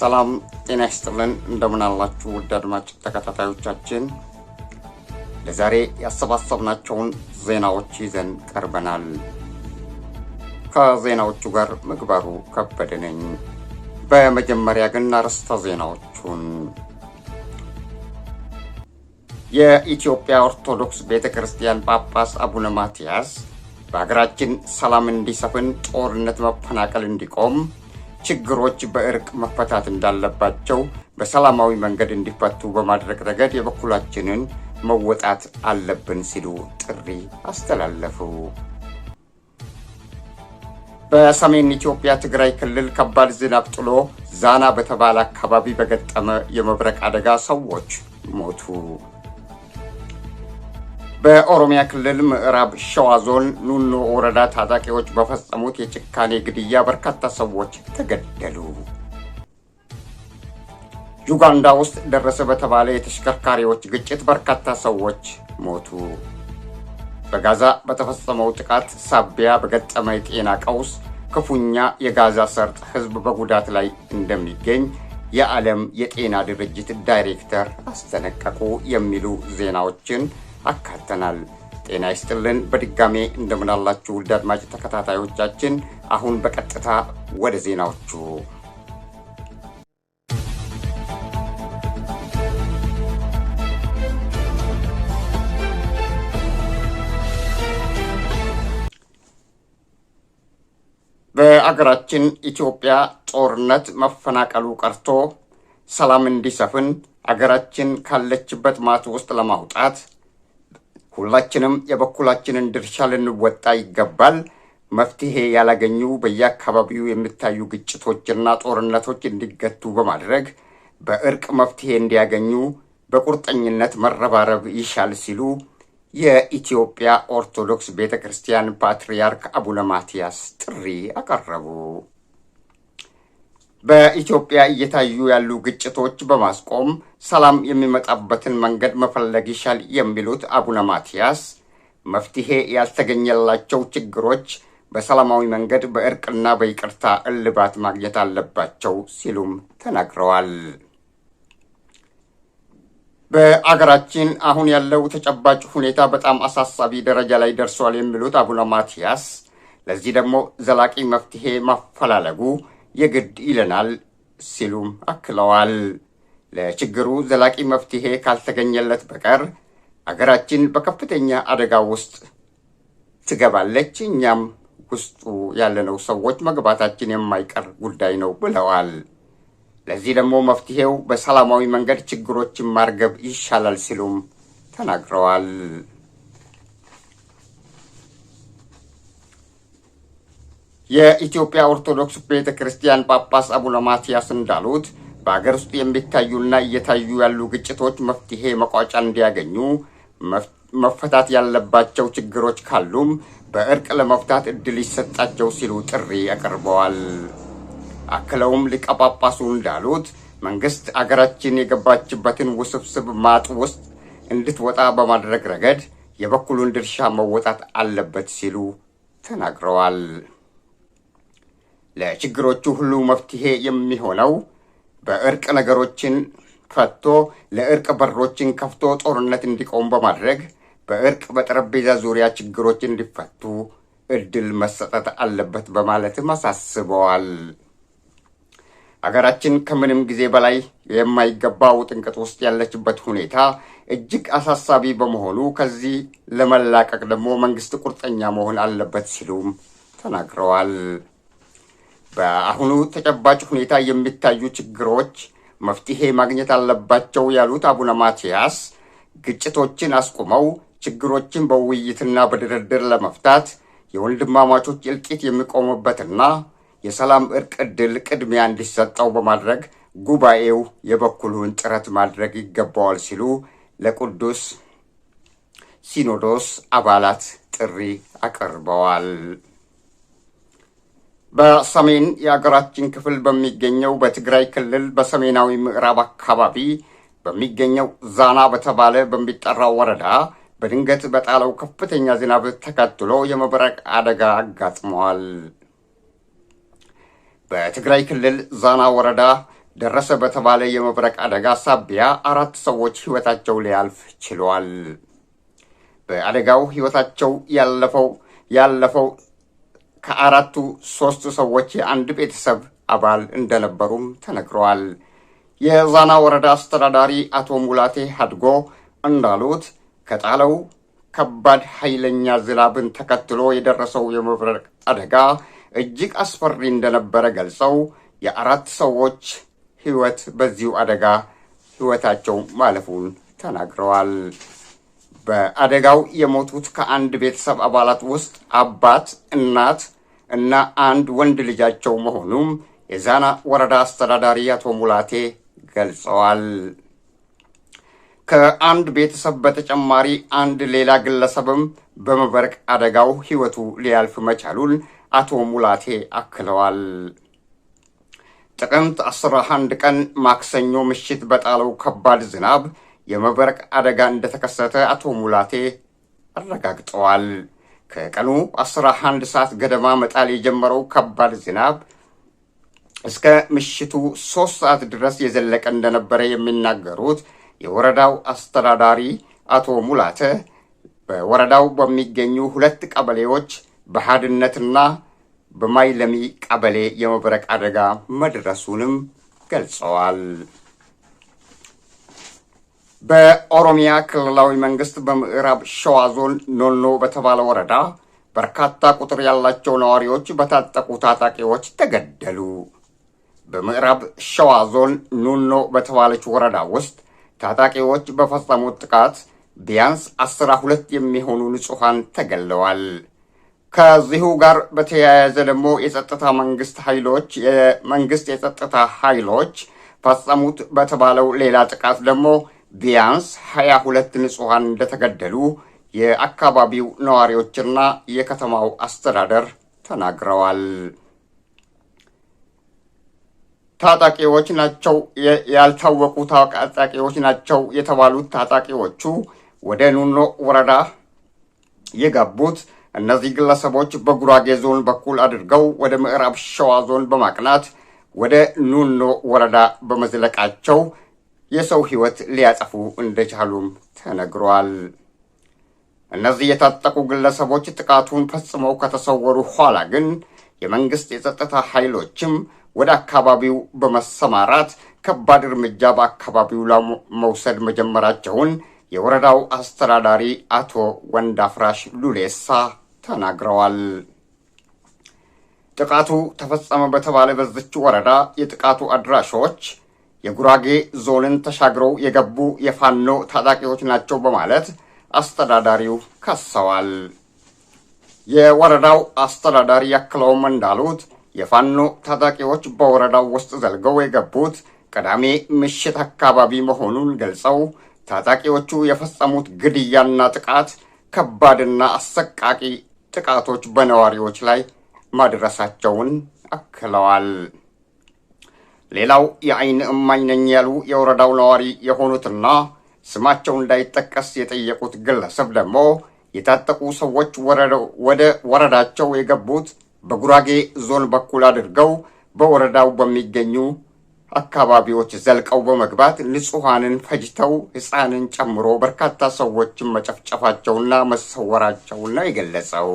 ሰላም ጤና ይስጥልን። እንደምናላችሁ ውድ አድማጭ ተከታታዮቻችን፣ ለዛሬ ያሰባሰብናቸውን ዜናዎች ይዘን ቀርበናል። ከዜናዎቹ ጋር ምግባሩ ከበደ ነኝ። በመጀመሪያ ግን አርዕስተ ዜናዎቹን የኢትዮጵያ ኦርቶዶክስ ቤተ ክርስቲያን ጳጳስ አቡነ ማትያስ በሀገራችን ሰላም እንዲሰፍን፣ ጦርነት መፈናቀል እንዲቆም ችግሮች በእርቅ መፈታት እንዳለባቸው በሰላማዊ መንገድ እንዲፈቱ በማድረግ ረገድ የበኩላችንን መወጣት አለብን ሲሉ ጥሪ አስተላለፉ። በሰሜን ኢትዮጵያ ትግራይ ክልል ከባድ ዝናብ ጥሎ ዛና በተባለ አካባቢ በገጠመ የመብረቅ አደጋ ሰዎች ሞቱ። በኦሮሚያ ክልል ምዕራብ ሸዋ ዞን ኑኖ ወረዳ ታጣቂዎች በፈጸሙት የጭካኔ ግድያ በርካታ ሰዎች ተገደሉ። ዩጋንዳ ውስጥ ደረሰ በተባለ የተሽከርካሪዎች ግጭት በርካታ ሰዎች ሞቱ። በጋዛ በተፈጸመው ጥቃት ሳቢያ በገጠመ የጤና ቀውስ ክፉኛ የጋዛ ሰርጥ ሕዝብ በጉዳት ላይ እንደሚገኝ የዓለም የጤና ድርጅት ዳይሬክተር አስጠነቀቁ። የሚሉ ዜናዎችን አካተናል። ጤና ይስጥልን። በድጋሜ እንደምናላችሁ ውድ አድማጭ ተከታታዮቻችን፣ አሁን በቀጥታ ወደ ዜናዎቹ በአገራችን ኢትዮጵያ ጦርነት መፈናቀሉ ቀርቶ ሰላም እንዲሰፍን አገራችን ካለችበት ማት ውስጥ ለማውጣት ሁላችንም የበኩላችንን ድርሻ ልንወጣ ይገባል። መፍትሄ ያላገኙ በየአካባቢው የሚታዩ ግጭቶችና ጦርነቶች እንዲገቱ በማድረግ በእርቅ መፍትሄ እንዲያገኙ በቁርጠኝነት መረባረብ ይሻል ሲሉ የኢትዮጵያ ኦርቶዶክስ ቤተ ክርስቲያን ፓትርያርክ አቡነ ማትያስ ጥሪ አቀረቡ። በኢትዮጵያ እየታዩ ያሉ ግጭቶች በማስቆም ሰላም የሚመጣበትን መንገድ መፈለግ ይሻል የሚሉት አቡነ ማትያስ መፍትሄ ያልተገኘላቸው ችግሮች በሰላማዊ መንገድ በእርቅና በይቅርታ እልባት ማግኘት አለባቸው ሲሉም ተናግረዋል። በአገራችን አሁን ያለው ተጨባጭ ሁኔታ በጣም አሳሳቢ ደረጃ ላይ ደርሷል የሚሉት አቡነ ማትያስ ለዚህ ደግሞ ዘላቂ መፍትሄ ማፈላለጉ የግድ ይለናል ሲሉም አክለዋል። ለችግሩ ዘላቂ መፍትሄ ካልተገኘለት በቀር አገራችን በከፍተኛ አደጋ ውስጥ ትገባለች፣ እኛም ውስጡ ያለነው ሰዎች መግባታችን የማይቀር ጉዳይ ነው ብለዋል። ለዚህ ደግሞ መፍትሄው በሰላማዊ መንገድ ችግሮችን ማርገብ ይሻላል ሲሉም ተናግረዋል። የኢትዮጵያ ኦርቶዶክስ ቤተ ክርስቲያን ጳጳስ አቡነ ማትያስ እንዳሉት በአገር ውስጥ የሚታዩና እየታዩ ያሉ ግጭቶች መፍትሄ መቋጫ እንዲያገኙ መፈታት ያለባቸው ችግሮች ካሉም በእርቅ ለመፍታት እድል ይሰጣቸው ሲሉ ጥሪ አቅርበዋል። አክለውም ሊቀ ጳጳሱ እንዳሉት መንግስት አገራችን የገባችበትን ውስብስብ ማጥ ውስጥ እንድትወጣ በማድረግ ረገድ የበኩሉን ድርሻ መወጣት አለበት ሲሉ ተናግረዋል። ለችግሮቹ ሁሉ መፍትሄ የሚሆነው በእርቅ ነገሮችን ፈቶ ለእርቅ በሮችን ከፍቶ ጦርነት እንዲቆም በማድረግ በእርቅ በጠረጴዛ ዙሪያ ችግሮች እንዲፈቱ እድል መሰጠት አለበት በማለትም አሳስበዋል። ሀገራችን ከምንም ጊዜ በላይ የማይገባው ጥንቅት ውስጥ ያለችበት ሁኔታ እጅግ አሳሳቢ በመሆኑ ከዚህ ለመላቀቅ ደግሞ መንግስት ቁርጠኛ መሆን አለበት ሲሉም ተናግረዋል። በአሁኑ ተጨባጭ ሁኔታ የሚታዩ ችግሮች መፍትሄ ማግኘት አለባቸው ያሉት አቡነ ማትያስ ግጭቶችን አስቁመው ችግሮችን በውይይትና በድርድር ለመፍታት የወንድማማቾች እልቂት የሚቆሙበትና የሰላም እርቅ ዕድል ቅድሚያ እንዲሰጠው በማድረግ ጉባኤው የበኩሉን ጥረት ማድረግ ይገባዋል ሲሉ ለቅዱስ ሲኖዶስ አባላት ጥሪ አቅርበዋል። በሰሜን የአገራችን ክፍል በሚገኘው በትግራይ ክልል በሰሜናዊ ምዕራብ አካባቢ በሚገኘው ዛና በተባለ በሚጠራው ወረዳ በድንገት በጣለው ከፍተኛ ዝናብ ተከትሎ የመብረቅ አደጋ አጋጥመዋል። በትግራይ ክልል ዛና ወረዳ ደረሰ በተባለ የመብረቅ አደጋ ሳቢያ አራት ሰዎች ሕይወታቸው ሊያልፍ ችሏል። በአደጋው ሕይወታቸው ያለፈው ያለፈው ከአራቱ ሶስት ሰዎች የአንድ ቤተሰብ አባል እንደነበሩም ተነግረዋል። የዛና ወረዳ አስተዳዳሪ አቶ ሙላቴ ሀድጎ እንዳሉት ከጣለው ከባድ ኃይለኛ ዝናብን ተከትሎ የደረሰው የመብረቅ አደጋ እጅግ አስፈሪ እንደነበረ ገልጸው የአራት ሰዎች ሕይወት በዚሁ አደጋ ሕይወታቸው ማለፉን ተናግረዋል። በአደጋው የሞቱት ከአንድ ቤተሰብ አባላት ውስጥ አባት፣ እናት እና አንድ ወንድ ልጃቸው መሆኑም የዛና ወረዳ አስተዳዳሪ አቶ ሙላቴ ገልጸዋል። ከአንድ ቤተሰብ በተጨማሪ አንድ ሌላ ግለሰብም በመብረቅ አደጋው ሕይወቱ ሊያልፍ መቻሉን አቶ ሙላቴ አክለዋል። ጥቅምት 11 ቀን ማክሰኞ ምሽት በጣለው ከባድ ዝናብ የመብረቅ አደጋ እንደተከሰተ አቶ ሙላቴ አረጋግጠዋል። ከቀኑ 11 ሰዓት ገደማ መጣል የጀመረው ከባድ ዝናብ እስከ ምሽቱ ሶስት ሰዓት ድረስ የዘለቀ እንደነበረ የሚናገሩት የወረዳው አስተዳዳሪ አቶ ሙላተ በወረዳው በሚገኙ ሁለት ቀበሌዎች በሀድነትና በማይለሚ ቀበሌ የመብረቅ አደጋ መድረሱንም ገልጸዋል። በኦሮሚያ ክልላዊ መንግስት በምዕራብ ሸዋ ዞን ኖኖ በተባለ ወረዳ በርካታ ቁጥር ያላቸው ነዋሪዎች በታጠቁ ታጣቂዎች ተገደሉ። በምዕራብ ሸዋ ዞን ኖኖ በተባለች ወረዳ ውስጥ ታጣቂዎች በፈጸሙት ጥቃት ቢያንስ አስራ ሁለት የሚሆኑ ንጹሐን ተገለዋል። ከዚሁ ጋር በተያያዘ ደግሞ የጸጥታ መንግስት ኃይሎች የመንግስት የጸጥታ ኃይሎች ፈጸሙት በተባለው ሌላ ጥቃት ደግሞ ቢያንስ ሀያ ሁለት ንጹሐን እንደተገደሉ የአካባቢው ነዋሪዎችና የከተማው አስተዳደር ተናግረዋል። ታጣቂዎች ናቸው ያልታወቁ ታጣቂዎች ናቸው የተባሉት ታጣቂዎቹ ወደ ኑኖ ወረዳ የገቡት እነዚህ ግለሰቦች በጉራጌ ዞን በኩል አድርገው ወደ ምዕራብ ሸዋ ዞን በማቅናት ወደ ኑኖ ወረዳ በመዝለቃቸው የሰው ሕይወት ሊያጠፉ እንደቻሉም ተነግሯል። እነዚህ የታጠቁ ግለሰቦች ጥቃቱን ፈጽመው ከተሰወሩ ኋላ ግን የመንግሥት የጸጥታ ኃይሎችም ወደ አካባቢው በመሰማራት ከባድ እርምጃ በአካባቢው ለመውሰድ መጀመራቸውን የወረዳው አስተዳዳሪ አቶ ወንዳፍራሽ ሉሌሳ ተናግረዋል። ጥቃቱ ተፈጸመ በተባለ በዝች ወረዳ የጥቃቱ አድራሾች የጉራጌ ዞንን ተሻግረው የገቡ የፋኖ ታጣቂዎች ናቸው በማለት አስተዳዳሪው ከሰዋል። የወረዳው አስተዳዳሪ ያክለውም እንዳሉት የፋኖ ታጣቂዎች በወረዳው ውስጥ ዘልገው የገቡት ቅዳሜ ምሽት አካባቢ መሆኑን ገልጸው ታጣቂዎቹ የፈጸሙት ግድያና ጥቃት ከባድና አሰቃቂ ጥቃቶች በነዋሪዎች ላይ ማድረሳቸውን አክለዋል። ሌላው የአይን እማኝ ነኝ ያሉ የወረዳው ነዋሪ የሆኑትና ስማቸው እንዳይጠቀስ የጠየቁት ግለሰብ ደግሞ የታጠቁ ሰዎች ወደ ወረዳቸው የገቡት በጉራጌ ዞን በኩል አድርገው በወረዳው በሚገኙ አካባቢዎች ዘልቀው በመግባት ንጹሐንን ፈጅተው ሕፃንን ጨምሮ በርካታ ሰዎችን መጨፍጨፋቸውና መሰወራቸውን ነው የገለጸው።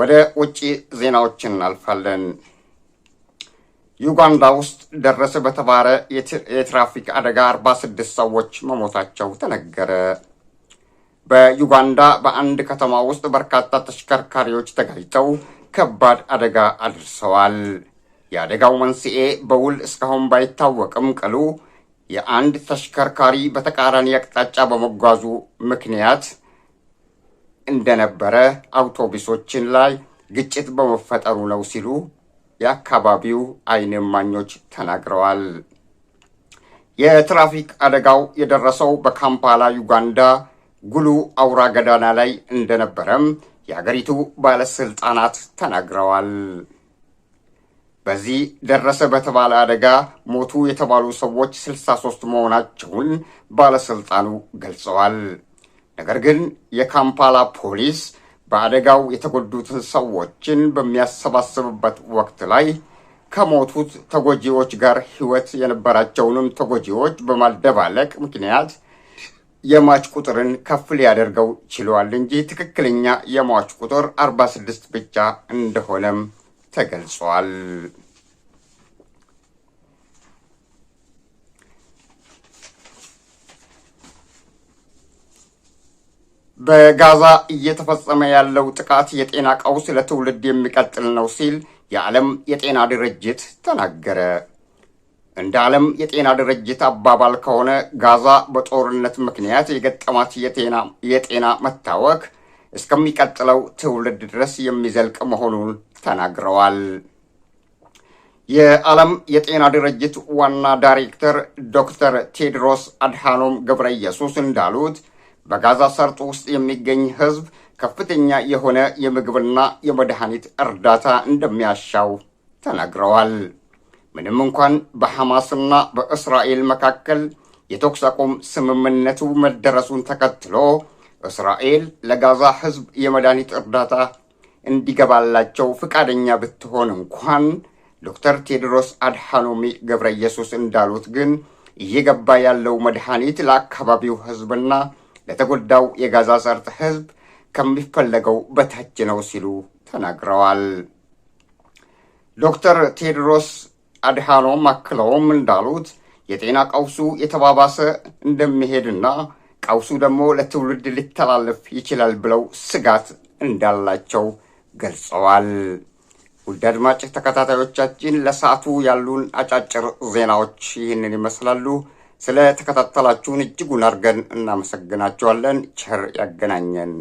ወደ ውጭ ዜናዎች እናልፋለን። ዩጋንዳ ውስጥ ደረሰ በተባለ የትራፊክ አደጋ 46 ሰዎች መሞታቸው ተነገረ። በዩጋንዳ በአንድ ከተማ ውስጥ በርካታ ተሽከርካሪዎች ተጋጭተው ከባድ አደጋ አድርሰዋል። የአደጋው መንስኤ በውል እስካሁን ባይታወቅም ቅሉ የአንድ ተሽከርካሪ በተቃራኒ አቅጣጫ በመጓዙ ምክንያት እንደነበረ አውቶቡሶችን ላይ ግጭት በመፈጠሩ ነው ሲሉ የአካባቢው አይን እማኞች ተናግረዋል። የትራፊክ አደጋው የደረሰው በካምፓላ ዩጋንዳ ጉሉ አውራ ገዳና ላይ እንደነበረም የአገሪቱ ባለስልጣናት ተናግረዋል። በዚህ ደረሰ በተባለ አደጋ ሞቱ የተባሉ ሰዎች 63 መሆናቸውን ባለስልጣኑ ገልጸዋል። ነገር ግን የካምፓላ ፖሊስ በአደጋው የተጎዱትን ሰዎችን በሚያሰባስብበት ወቅት ላይ ከሞቱት ተጎጂዎች ጋር ሕይወት የነበራቸውንም ተጎጂዎች በማደባለቅ ምክንያት የሟች ቁጥርን ከፍ ሊያደርገው ችሏል እንጂ ትክክለኛ የሟች ቁጥር 46 ብቻ እንደሆነም ተገልጿል። በጋዛ እየተፈጸመ ያለው ጥቃት የጤና ቀውስ ለትውልድ የሚቀጥል ነው ሲል የዓለም የጤና ድርጅት ተናገረ። እንደ ዓለም የጤና ድርጅት አባባል ከሆነ ጋዛ በጦርነት ምክንያት የገጠማት የጤና መታወክ እስከሚቀጥለው ትውልድ ድረስ የሚዘልቅ መሆኑን ተናግረዋል። የዓለም የጤና ድርጅት ዋና ዳይሬክተር ዶክተር ቴድሮስ አድሃኖም ገብረ ኢየሱስ እንዳሉት በጋዛ ሰርጥ ውስጥ የሚገኝ ህዝብ ከፍተኛ የሆነ የምግብና የመድኃኒት እርዳታ እንደሚያሻው ተናግረዋል። ምንም እንኳን በሐማስና በእስራኤል መካከል የተኩስ አቁም ስምምነቱ መደረሱን ተከትሎ እስራኤል ለጋዛ ህዝብ የመድኃኒት እርዳታ እንዲገባላቸው ፈቃደኛ ብትሆን እንኳን ዶክተር ቴድሮስ አድሃኖሚ ገብረ ኢየሱስ እንዳሉት ግን እየገባ ያለው መድኃኒት ለአካባቢው ህዝብና ለተጎዳው የጋዛ ሰርጥ ህዝብ ከሚፈለገው በታች ነው ሲሉ ተናግረዋል። ዶክተር ቴድሮስ አድሃኖም አክለውም እንዳሉት የጤና ቀውሱ የተባባሰ እንደሚሄድና ቀውሱ ደግሞ ለትውልድ ሊተላለፍ ይችላል ብለው ስጋት እንዳላቸው ገልጸዋል። ውድ አድማጭ ተከታታዮቻችን ለሰዓቱ ያሉን አጫጭር ዜናዎች ይህንን ይመስላሉ። ስለ ተከታተላችሁን እጅጉን አድርገን እናመሰግናችኋለን። ቸር ያገናኘን።